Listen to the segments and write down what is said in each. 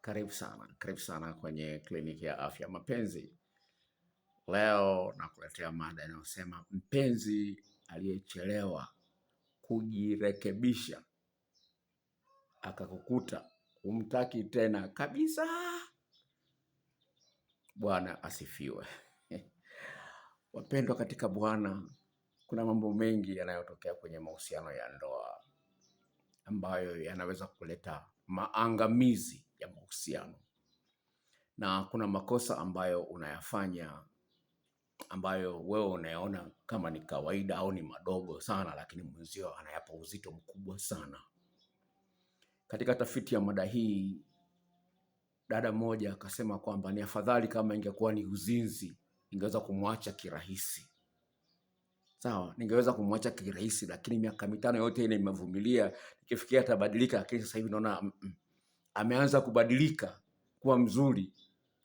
Karibu sana, karibu sana kwenye kliniki ya afya mapenzi. Leo nakuletea mada inayosema mpenzi aliyechelewa kujirekebisha akakukuta umtaki tena kabisa. Bwana asifiwe. Wapendwa katika Bwana, kuna mambo mengi yanayotokea kwenye mahusiano ya ndoa ambayo yanaweza kuleta maangamizi ya mahusiano, na kuna makosa ambayo unayafanya ambayo wewe unayaona kama ni kawaida au ni madogo sana, lakini mwenzio anayapa uzito mkubwa sana. Katika tafiti ya mada hii, dada mmoja akasema kwamba ni afadhali kama ingekuwa ni uzinzi, ingeweza kumwacha kirahisi. Sawa, ningeweza kumwacha kirahisi, lakini miaka mitano yote ile nimevumilia, nikifikia atabadilika, lakini sasa hivi naona mm -mm ameanza kubadilika kuwa mzuri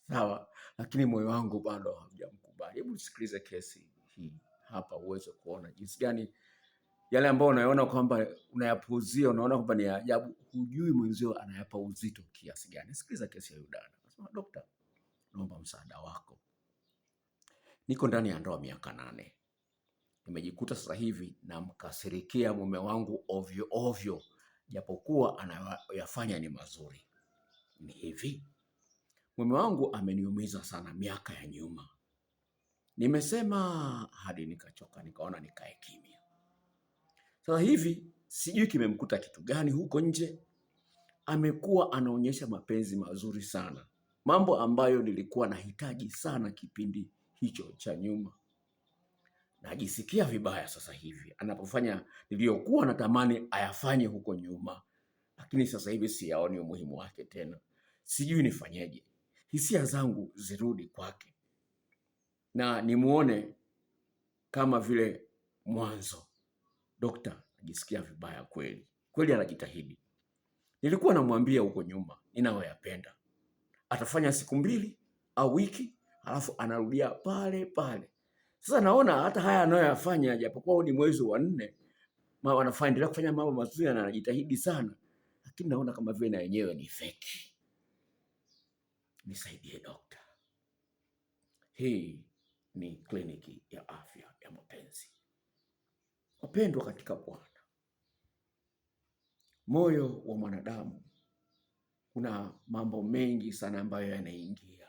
sawa, lakini moyo wangu bado haujamkubali. Hebu sikilize kesi hii hapa uweze kuona jinsi gani yale ambayo unayoona kwamba unayapuuzia, unaona kwamba ni ajabu, hujui mwenzio anayapa uzito kiasi gani. Sikiliza kesi ya Yudana. Anasema, dokta, naomba msaada wako, niko ndani ya ndoa miaka nane, nimejikuta sasa hivi namkasirikia mume wangu ovyo ovyo japokuwa anayoyafanya ni mazuri. Ni hivi, mume wangu ameniumiza sana miaka ya nyuma, nimesema hadi nikachoka, nikaona nikae kimya. Sasa hivi sijui kimemkuta kitu gani huko nje, amekuwa anaonyesha mapenzi mazuri sana, mambo ambayo nilikuwa nahitaji sana kipindi hicho cha nyuma najisikia vibaya sasa hivi anapofanya niliyokuwa natamani ayafanye huko nyuma, lakini sasa hivi siyaoni umuhimu wake tena. Sijui nifanyeje, hisia zangu zirudi kwake na nimuone kama vile mwanzo. Dokta, najisikia vibaya kweli kweli, anajitahidi. Nilikuwa namwambia huko nyuma ninayoyapenda, atafanya siku mbili au wiki, alafu anarudia pale pale sasa naona hata haya anayoyafanya japokuwa ni mwezi wa nne, wanaendelea kufanya mambo mazuri na anajitahidi sana, lakini naona kama vile na yenyewe ni feki. Nisaidie dokta, hii ni kliniki ya afya ya mapenzi. Wapendwa katika Bwana, moyo wa mwanadamu kuna mambo mengi sana ambayo yanaingia,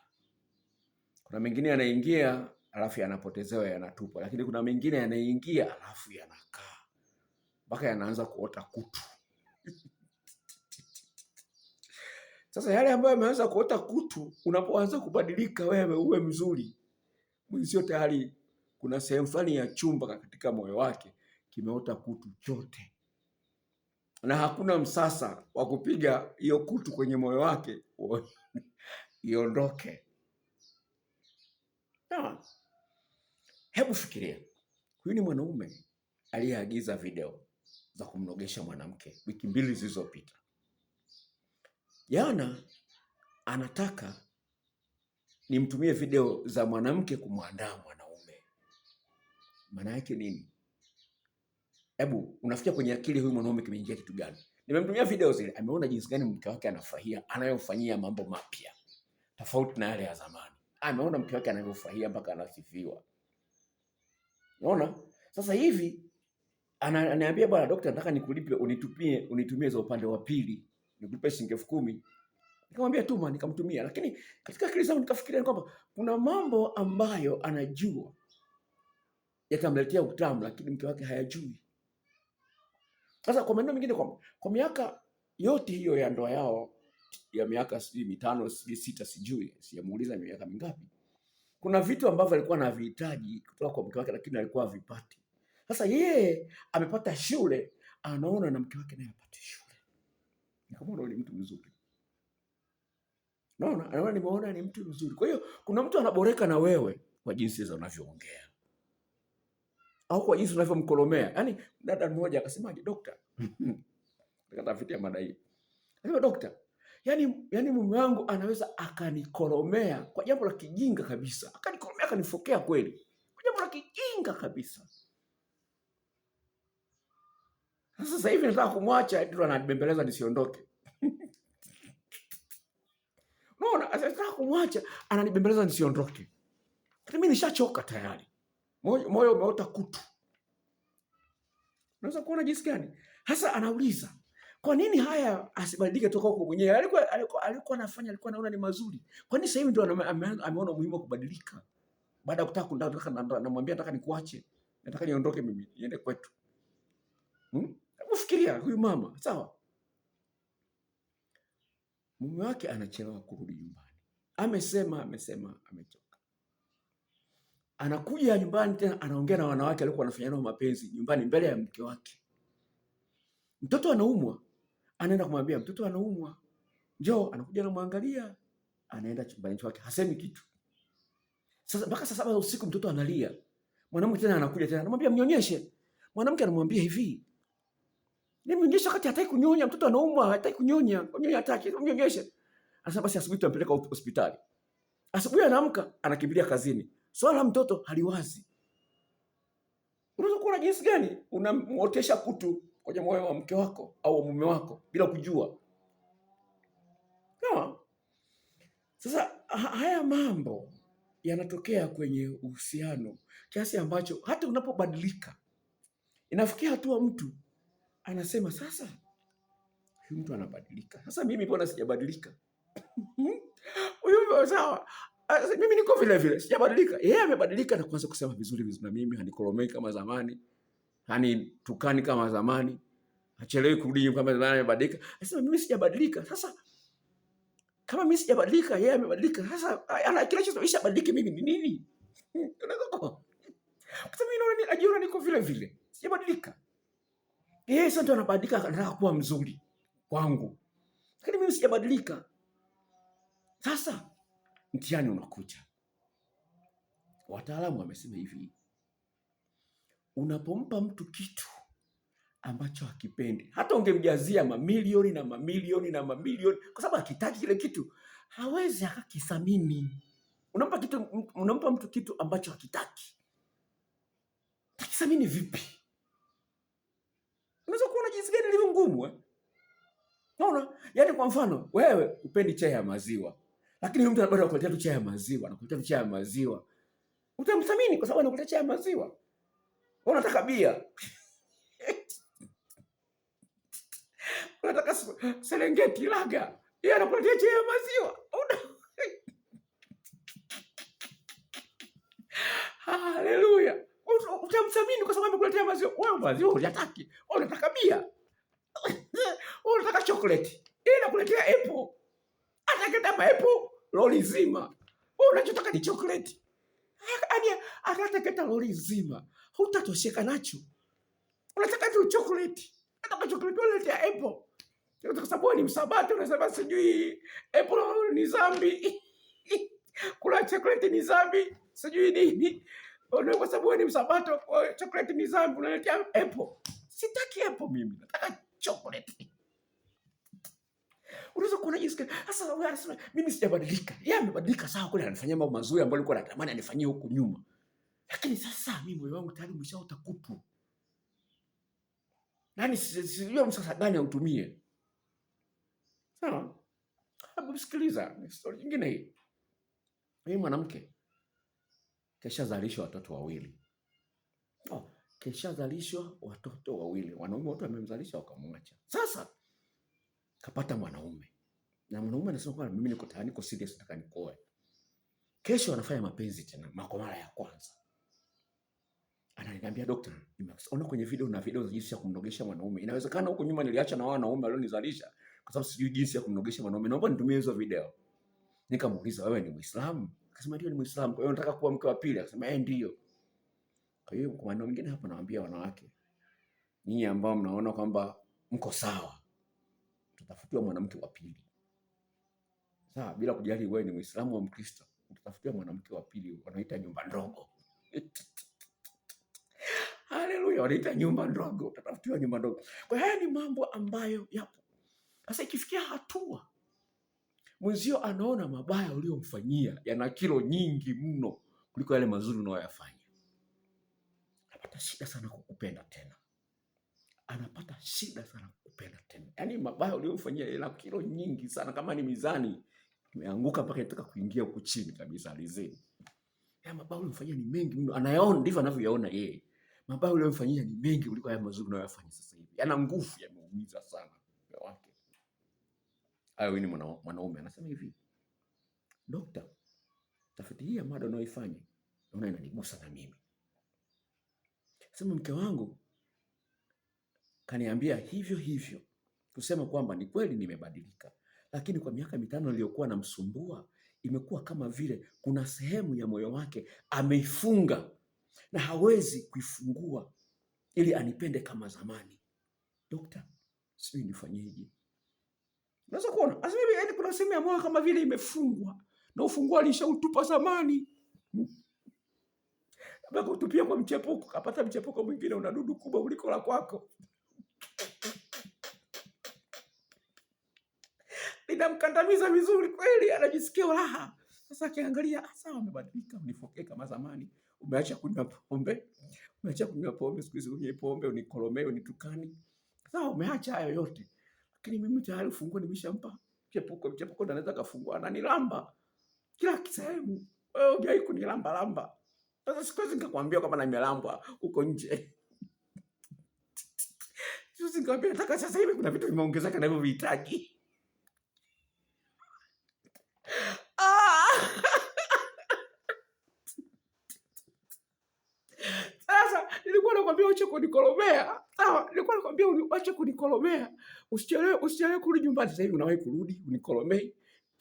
kuna mengine yanaingia alafu yanapotezewa yanatupwa, lakini kuna mengine yanaingia alafu yanakaa mpaka yanaanza kuota kutu. Sasa yale ambayo yameanza kuota kutu, unapoanza kubadilika wewe uwe mzuri, mwenzio tayari kuna sehemu fulani ya chumba katika moyo wake kimeota kutu chote, na hakuna msasa wa kupiga hiyo kutu kwenye moyo wake iondoke. Hebu fikiria, huyu ni mwanaume aliyeagiza video za kumnogesha mwanamke wiki mbili zilizopita. Jana anataka nimtumie video za mwanamke kumwandaa mwanaume. Maana yake nini? Hebu unafikia kwenye akili huyu mwanaume kimeingia kitu gani? Nimemtumia video zile, ameona jinsi gani mke wake anafurahia, anayofanyia mambo mapya tofauti na yale ya zamani. Ameona mke wake anavyofurahia mpaka anasifiwa. Unaona? Sasa hivi ananiambia bwana daktari, nataka nikulipe unitupie unitumie za upande wa pili. Nikulipe shilingi elfu kumi. Nikamwambia tuma, nikamtumia. Lakini katika akili zangu nikafikiria kwamba kuna mambo ambayo anajua yatamletea utamu lakini mke wake hayajui. Sasa kwa maneno mengine kwamba kwa miaka yote hiyo ya ndoa yao ya miaka sijui mitano sijui sita sijui sijamuuliza miaka mingapi kuna vitu ambavyo alikuwa anavihitaji kutoka kwa mke wake, lakini alikuwa havipati. Sasa yeye amepata shule, anaona na mke wake naye apate shule. Nikamwona ni mtu mzuri, naona anaona, nimeona ni mtu mzuri. Kwa hiyo kuna mtu anaboreka na wewe kwa jinsi za unavyoongea au kwa jinsi unavyomkolomea. Yaani dada mmoja akasemaje, dokta, akatafutia mada hii, akasema dokta yani, yani mume wangu anaweza akanikoromea kwa jambo la kijinga kabisa, akanikoromea akanifokea kweli kwa jambo la kijinga kabisa. Sasa hivi nataka kumwacha ndio ananibembeleza nisiondoke. Unaona, nataka kumwacha ananibembeleza nisiondoke. Mimi nishachoka tayari, moyo umeota kutu. Unaweza kuona jinsi gani hasa anauliza kwa nini haya asibadilike toka huko mwenyewe? Alikuwa alikuwa alikuwa anafanya alikuwa anaona ni mazuri. Kwa nini sasa hivi ndio ameona umuhimu wa kubadilika? Baada ya kutaka kundaka namwambia nataka nikuache. Nataka niondoke mimi, niende kwetu. Hmm? fikiria huyu mama, sawa? Mume wake anachelewa kurudi nyumbani. Amesema amesema amechoka. Anakuja nyumbani tena anaongea na wanawake alikuwa anafanya nao mapenzi nyumbani mbele ya mke wake. Mtoto anaumwa anaenda kumwambia mtoto anaumwa, njoo. Anakuja anamwangalia, anaenda chumbani chake, hasemi kitu. Sasa mpaka saa saba usiku mtoto analia, mwanamke tena anakuja tena, anamwambia mnyonyeshe. Mwanamke anamwambia hivi, nimnyonyeshe wakati hataki kunyonya, mtoto anaumwa, hataki kunyonya, kunyonya hataki, mnyonyeshe. Anasema basi asubuhi tutampeleka hospitali. Asubuhi anaamka, anakimbilia kazini, swala la mtoto haliwazi. Unaweza kuona jinsi gani unamotesha kutu kwenye moyo wa mke wako au wa mume wako bila kujua Sawa? Sasa haya mambo yanatokea kwenye uhusiano kiasi ambacho hata unapobadilika inafikia hatua mtu anasema sasa, huyu mtu anabadilika, sasa mimi mbona sijabadilika? huyu sawa, ah, mimi niko vile vile, sijabadilika. Yeye yeah, amebadilika na kuanza kusema vizuri vizuri, na mimi hanikoromei kama zamani yani tukani kama zamani, achelewi kurudi nyumbani kama zamani, amebadilika. Anasema mimi sijabadilika. Sasa kama mimi sijabadilika, yeye amebadilika. Sasa ana kinachosababisha badilike mimi ni nini? Sasa mimi naona mimi najiona niko vile vile, sijabadilika. Yeye sasa ndio anabadilika, anataka kuwa mzuri kwangu, lakini mimi sijabadilika. Sasa mtihani unakuja. Wataalamu wamesema hivi unapompa mtu kitu ambacho hakipendi, hata ungemjazia mamilioni na mamilioni na mamilioni, kwa sababu akitaki kile kitu, hawezi akakithamini. Unampa kitu, unampa mtu kitu ambacho hakitaki, takithamini vipi? Unaweza kuona jinsi gani ilivyo ngumu eh? Naona yani, kwa mfano wewe upendi chai ya maziwa, lakini mtu bado anakuletea tu chai ya maziwa, anakuletea tu chai ya maziwa, utamthamini kwa sababu anakuletea chai ya maziwa unataka bia unataka Serengeti laga, yeye anakuletea chai ya maziwa Haleluya, utamsamini kwa sababu amekuletea maziwa. Wewe maziwa unataki, unataka bia, unataka chocolate, yeye anakuletea apple, atakenda apple zima. Unachotaka ni chocolate. Yaani hata kata lori nzima hautatosheka nacho. Unataka tu chocolate. Nataka chocolate wale ya apple. Kwa sababu ni msabato unasema sijui apple ni zambi. Kula chocolate ni zambi, sijui nini. Ona kwa sababu ni msabato chocolate ni zambi unaletea apple. Sitaki apple mimi. Nataka chocolate unaweza kuona jinsi gani sasa. Wewe anasema mimi sijabadilika, yeye amebadilika, sawa kule ananifanyia mambo mazuri ambayo alikuwa anatamani anifanyie huku nyuma, lakini sasa mimi moyo wangu tayari umeshaota kutu. Yaani nani sijua msasa gani autumie. Sawa, hebu sikiliza story nyingine hii. Mimi mwanamke keshazalisha watoto wawili oh, keshazalishwa watoto wawili, wanaume wote wamemzalisha wakamwacha. Sasa kapata mwanaume na mwanaume anasema kwamba mimi niko tayari, niko serious, nataka nikoe. Kesho anafanya mapenzi tena mako mara ya kwanza, ananiambia daktari, nimeona kwenye video na video za jinsi ya kumnogesha mwanaume. Inawezekana huko nyuma niliacha na wanaume walionizalisha kwa sababu sijui jinsi ya kumnogesha mwanaume, naomba nitumie hizo video. Nikamuuliza, wewe ni Muislamu? Akasema ndio, ni Muislamu. Kwa hiyo nataka kuwa mke wa pili? Akasema eh, ndio. Kwa hiyo kwa maneno mengine hapa nawaambia wanawake, nyinyi ambao mnaona kwamba mko sawa utatafutiwa mwanamke wa pili. Sawa, bila kujali wewe ni Muislamu au Mkristo, utatafutiwa mwanamke wa pili, wanaita nyumba ndogo. Haleluya, wanaita nyumba ndogo, utatafutiwa nyumba ndogo. Kwa haya ni mambo ambayo yapo. Sasa ikifikia hatua mwenzio anaona mabaya uliyomfanyia yana kilo nyingi mno kuliko yale mazuri unayoyafanya, anapata shida sana kukupenda tena, anapata shida sana kupenda tena. Yaani mabaya uliyomfanyia ila kilo nyingi sana kama ni mizani imeanguka mpaka inataka kuingia huko chini kabisa alizeni. Ya mabaya uliyomfanyia ni mengi mno. Anayaona ndivyo anavyoyaona yeye. Mabaya uliyomfanyia ni mengi kuliko haya mazuri unayoyafanya sasa hivi. Yana nguvu yameumiza sana moyo wake. Hayo ni mwanaume anasema hivi. Dokta, tafiti hii ya mada unayoifanya unaona inanigusa na mimi. Sema mke wangu kaniambia hivyo hivyo kusema kwamba ni kweli nimebadilika, lakini kwa miaka mitano niliyokuwa namsumbua imekuwa kama vile kuna sehemu ya moyo wake ameifunga na hawezi kuifungua ili anipende kama zamani. Dokta, sijui nifanyeje? Unaweza kuona kuna sehemu ya moyo kama vile imefungwa na ufunguo alishautupa zamani, labda kutupia kwa mchepuko, kapata mchepuko mwingine una dudu kubwa kuliko la kwako. inamkandamiza vizuri kweli, anajisikia raha. Sasa akiangalia ah, sawa, umebadilika, unifokee kama zamani, umeacha kunywa pombe, umeacha kunywa pombe, siku hizi unywe pombe, unikoromee, unitukani. Sawa, umeacha hayo yote, lakini mimi tayari funguo nimeshampa. Chepuko, chepuko anaweza kafungua na nilamba kila kisehemu, wewe hujai kunilamba lamba. Sasa siku hizi nikakwambia kama na nimelambwa huko nje sasa hivi kuna vitu vimeongezeka na hivyo vihitaji usiache kunikolomea sawa. Nilikuwa nakwambia uache kunikolomea, usichelewe, usichelewe kurudi nyumbani. Sasa hivi unawahi kurudi unikolomee.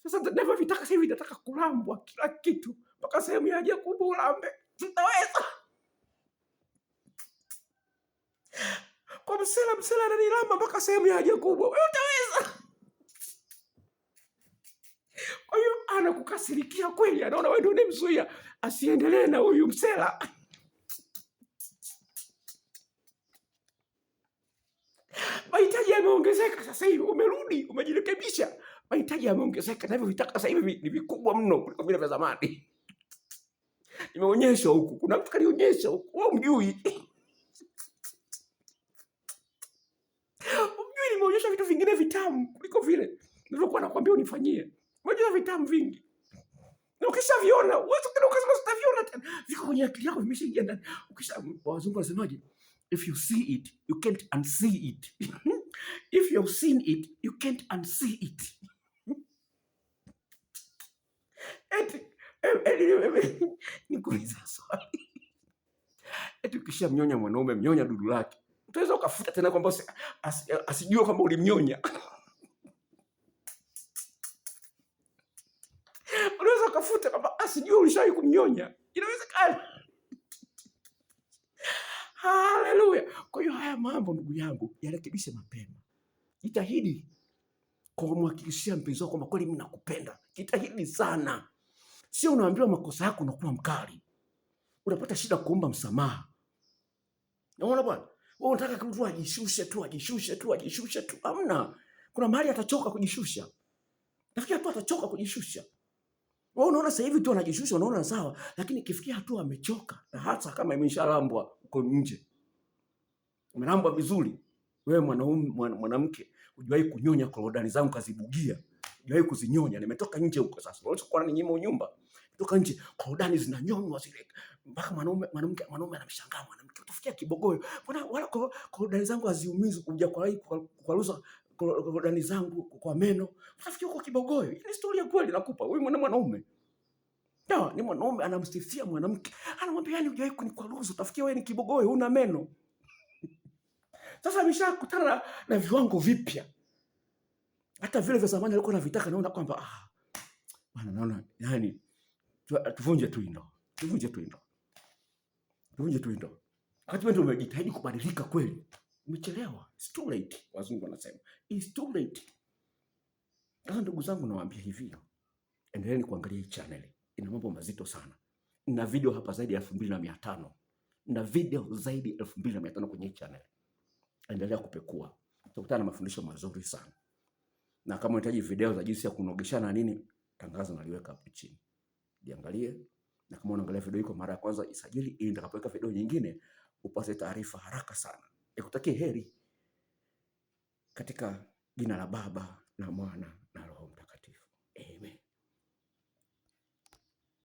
Sasa ndivyo vitaka, sasa hivi nataka kulambwa kila kitu, mpaka sehemu ya haja kubwa ulambe. Sitaweza kwa msela, msela ananilamba mpaka sehemu ya haja kubwa. Wewe utaweza? Kwa hiyo anakukasirikia kweli, anaona wewe ndio unemzuia asiendelee na huyu msela. mahitaji yameongezeka sasa hivi, umerudi umejirekebisha, mahitaji yameongezeka na hivyo vitaka sasa hivi ni vikubwa mno kuliko vile vya zamani. Nimeonyesha huku, kuna mtu kalionyesha huku, wewe mjui mjui, nimeonyesha vitu vingine vitamu kuliko vile nilivyokuwa nakwambia unifanyie. Umeonyesha vitamu vingi na ukishaviona uwezo tena ukasema sitaviona tena, viko kwenye akili yako, vimeshaingia ndani. Ukisha wazungu wanasemaje? If you see it, you can't unsee it. if you've seen it, you can't unsee it. Eti e, e, e, nikuuliza mwanaume, mnyonya dudu lake, utaweza ukafuta tena kwamba asijua kwamba ulimnyonya? Unaweza ukafuta kwamba asijue ulishawahi kumnyonya, inawezekana. Haleluya! Kwa hiyo haya mambo ndugu yangu, yarekebishe mapema. Jitahidi kumhakikishia mpenzi wako kwamba kweli mnakupenda. Jitahidi sana, sio unaambiwa makosa yako unakuwa mkali, unapata shida kuomba msamaha. Naona bwana wewe unataka mtu ajishushe tu ajishushe tu ajishushe tu, hamna. Kuna mahali atachoka kujishusha, nafikia tu atachoka kujishusha. Wewe unaona sasa hivi tu anajishusha, unaona sawa, lakini ikifikia hatua amechoka, na hata kama imeshalambwa huko nje. Umelambwa vizuri wewe mwanaume, mwanamke, hujawahi kunyonya korodani zangu kazibugia, hujawahi kuzinyonya. Nimetoka nje huko sasa, wewe uko ndani nyimo nyumba kutoka nje, korodani zinanyonywa zile mpaka mwanaume mwanamke mwanaume anamshangaa mwanamke, utafikia kibogoyo, mbona wala korodani zangu haziumizi? Hujawahi kukaluza korodani zangu kwa meno, utafikia huko kibogoyo. Ni story ya kweli nakupa, wewe mwanaume No, ah, ni mwanaume anamsifia mwanamke, anamwambia yani, hujawahi kunikwaruza, utafikia wewe ni kibogoe, huna meno. Sasa ameshakutana na viwango vipya, hata vile vya zamani alikuwa anavitaka. Naona kwamba ah, bwana, naona yani, tuvunje tu ndo, tuvunje tu ndo, tuvunje tu ndo. Wakati wewe umejitahidi kubadilika kweli, umechelewa. It's too late, wazungu wanasema it's too late. Sasa ndugu zangu, nawaambia hivyo, endeleeni kuangalia hii channel ina mambo mazito sana, na video hapa zaidi ya elfu mbili na mia tano na video zaidi ya elfu mbili na mia tano kwenye hii channel. Endelea kupekua, utakutana na mafundisho mazuri sana. Na kama unahitaji video za jinsi ya kunogeshana nini, tangazo naliweka hapo chini, jiangalie. Na kama unaangalia video hii kwa mara ya kwanza, isajili ili nitakapoweka video nyingine upate taarifa haraka sana. Nikutakie heri katika jina la Baba na Mwana na Roho